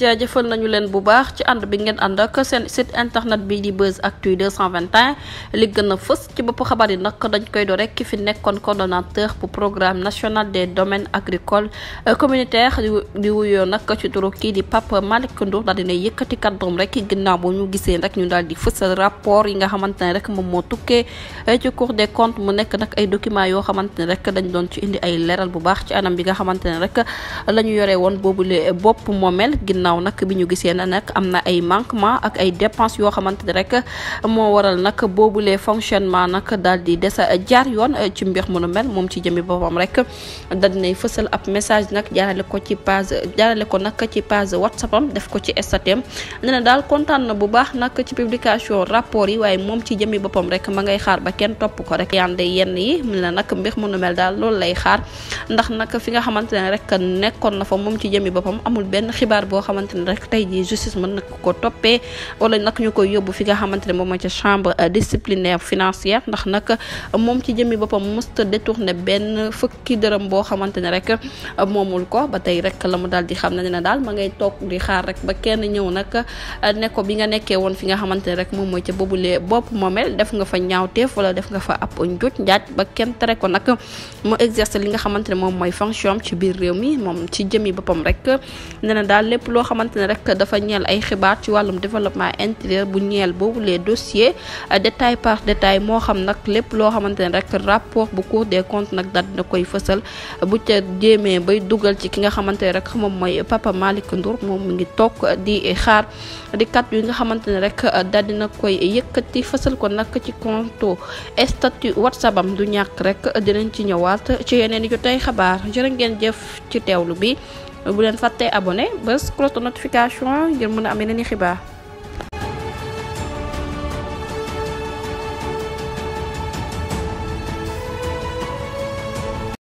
jaajëfal nañu leen bu baax ci ànd bi ngeen ànd ak seen site internet bi di Buzz Actu 221 li gën a fës ci bopp xabaar yi nag dañ koy do rek ki fi nekkoon coordonnateur pour programme national des domaines agricoles euh, communautaires di wuyoo nag ci turu kii di Pape Malick Ndour daal dina yëkkati kàddoom rek ginnaaw bu ñu gisee rek ñu daal di fësal rapport yi nga xamante ne rek moom moo tukkee euh, ci Cour des comptes mu nekk nag ay documents yoo xamante ne rek dañ doon ci indi ay leeral bu baax ci anam bi nga xamante ne rek la yoree woon boobu le bopp moomel ginnaaw nag bi ñu gisee na nag am na ay manquement ak ay dépenses yoo xamante ne rek moo waral nag boobulee fonctionnement nag daal di des jaar yoon eh, ci mbir mu mel moom ci jëmi boppam rek daal dinay fësal ab message nag jaarale ko ci page jaarale ko nag ci page whatsapp am def ko ci statém ne na daal kontaan na bu baax nag ci publication rapport yi waaye moom ci jëmi boppam rek ma ngay xaar ba kenn topp ko rek yande yenn yi mu ne nag mbir mu nu mel daal loolu lay xaar ndax nag fi nga xamante ne rek nekkoon na fa moom ci jëmi boppam amul benn xibaar boo xam xamante ne rek tey jii justice mën na ko toppee wala nag ñu koy yóbbu fi nga xamante ne moom mooy ca chambre euh, disciplinaire financière ndax nag moom ci jëmmi boppam mësta détourné benn fukki dërëm boo xamante ne rek moomul ko ba tey rek la mu daal di xam ne ne daal ma ngay toog di xaar rek ba kenn ñëw nag ne ko bi nga nekkee woon fi nga xamante ne rek moom mooy ca boobule bopp moomel def nga fa ñaawteef wala def nga fa ab njuuj njaaj ba kenn tere nag mu exercer li nga xamante ne moom mooy fonction ci biir réew mi moom ci jëmmi boppam rek ne daal lépp loo loo xamante ne rek dafa ñeel ay xibaar ci wàllum développement intérieur bu ñeel boobu les dossiers euh, détail par détail moo xam nag lépp loo xamante ne rek rapport bu Cour des comptes nag daal dina koy fësal bu ca jéemee bay dugal ci ki nga xamante ne rek moom mooy Papa Malick moom mi ngi toog di xaar di kat nga xamante ne rek euh, daal dina koy yëkkati fësal ko nag ci compte statut WhatsApp am du ñàkk rek dinañ ci ñëwaat ci yeneen yu tey xabaar jërë ngeen jëf ci teewlu bi bu leen fàttee abonné bés cloche de notification ngir mën a am yeneen i xibaar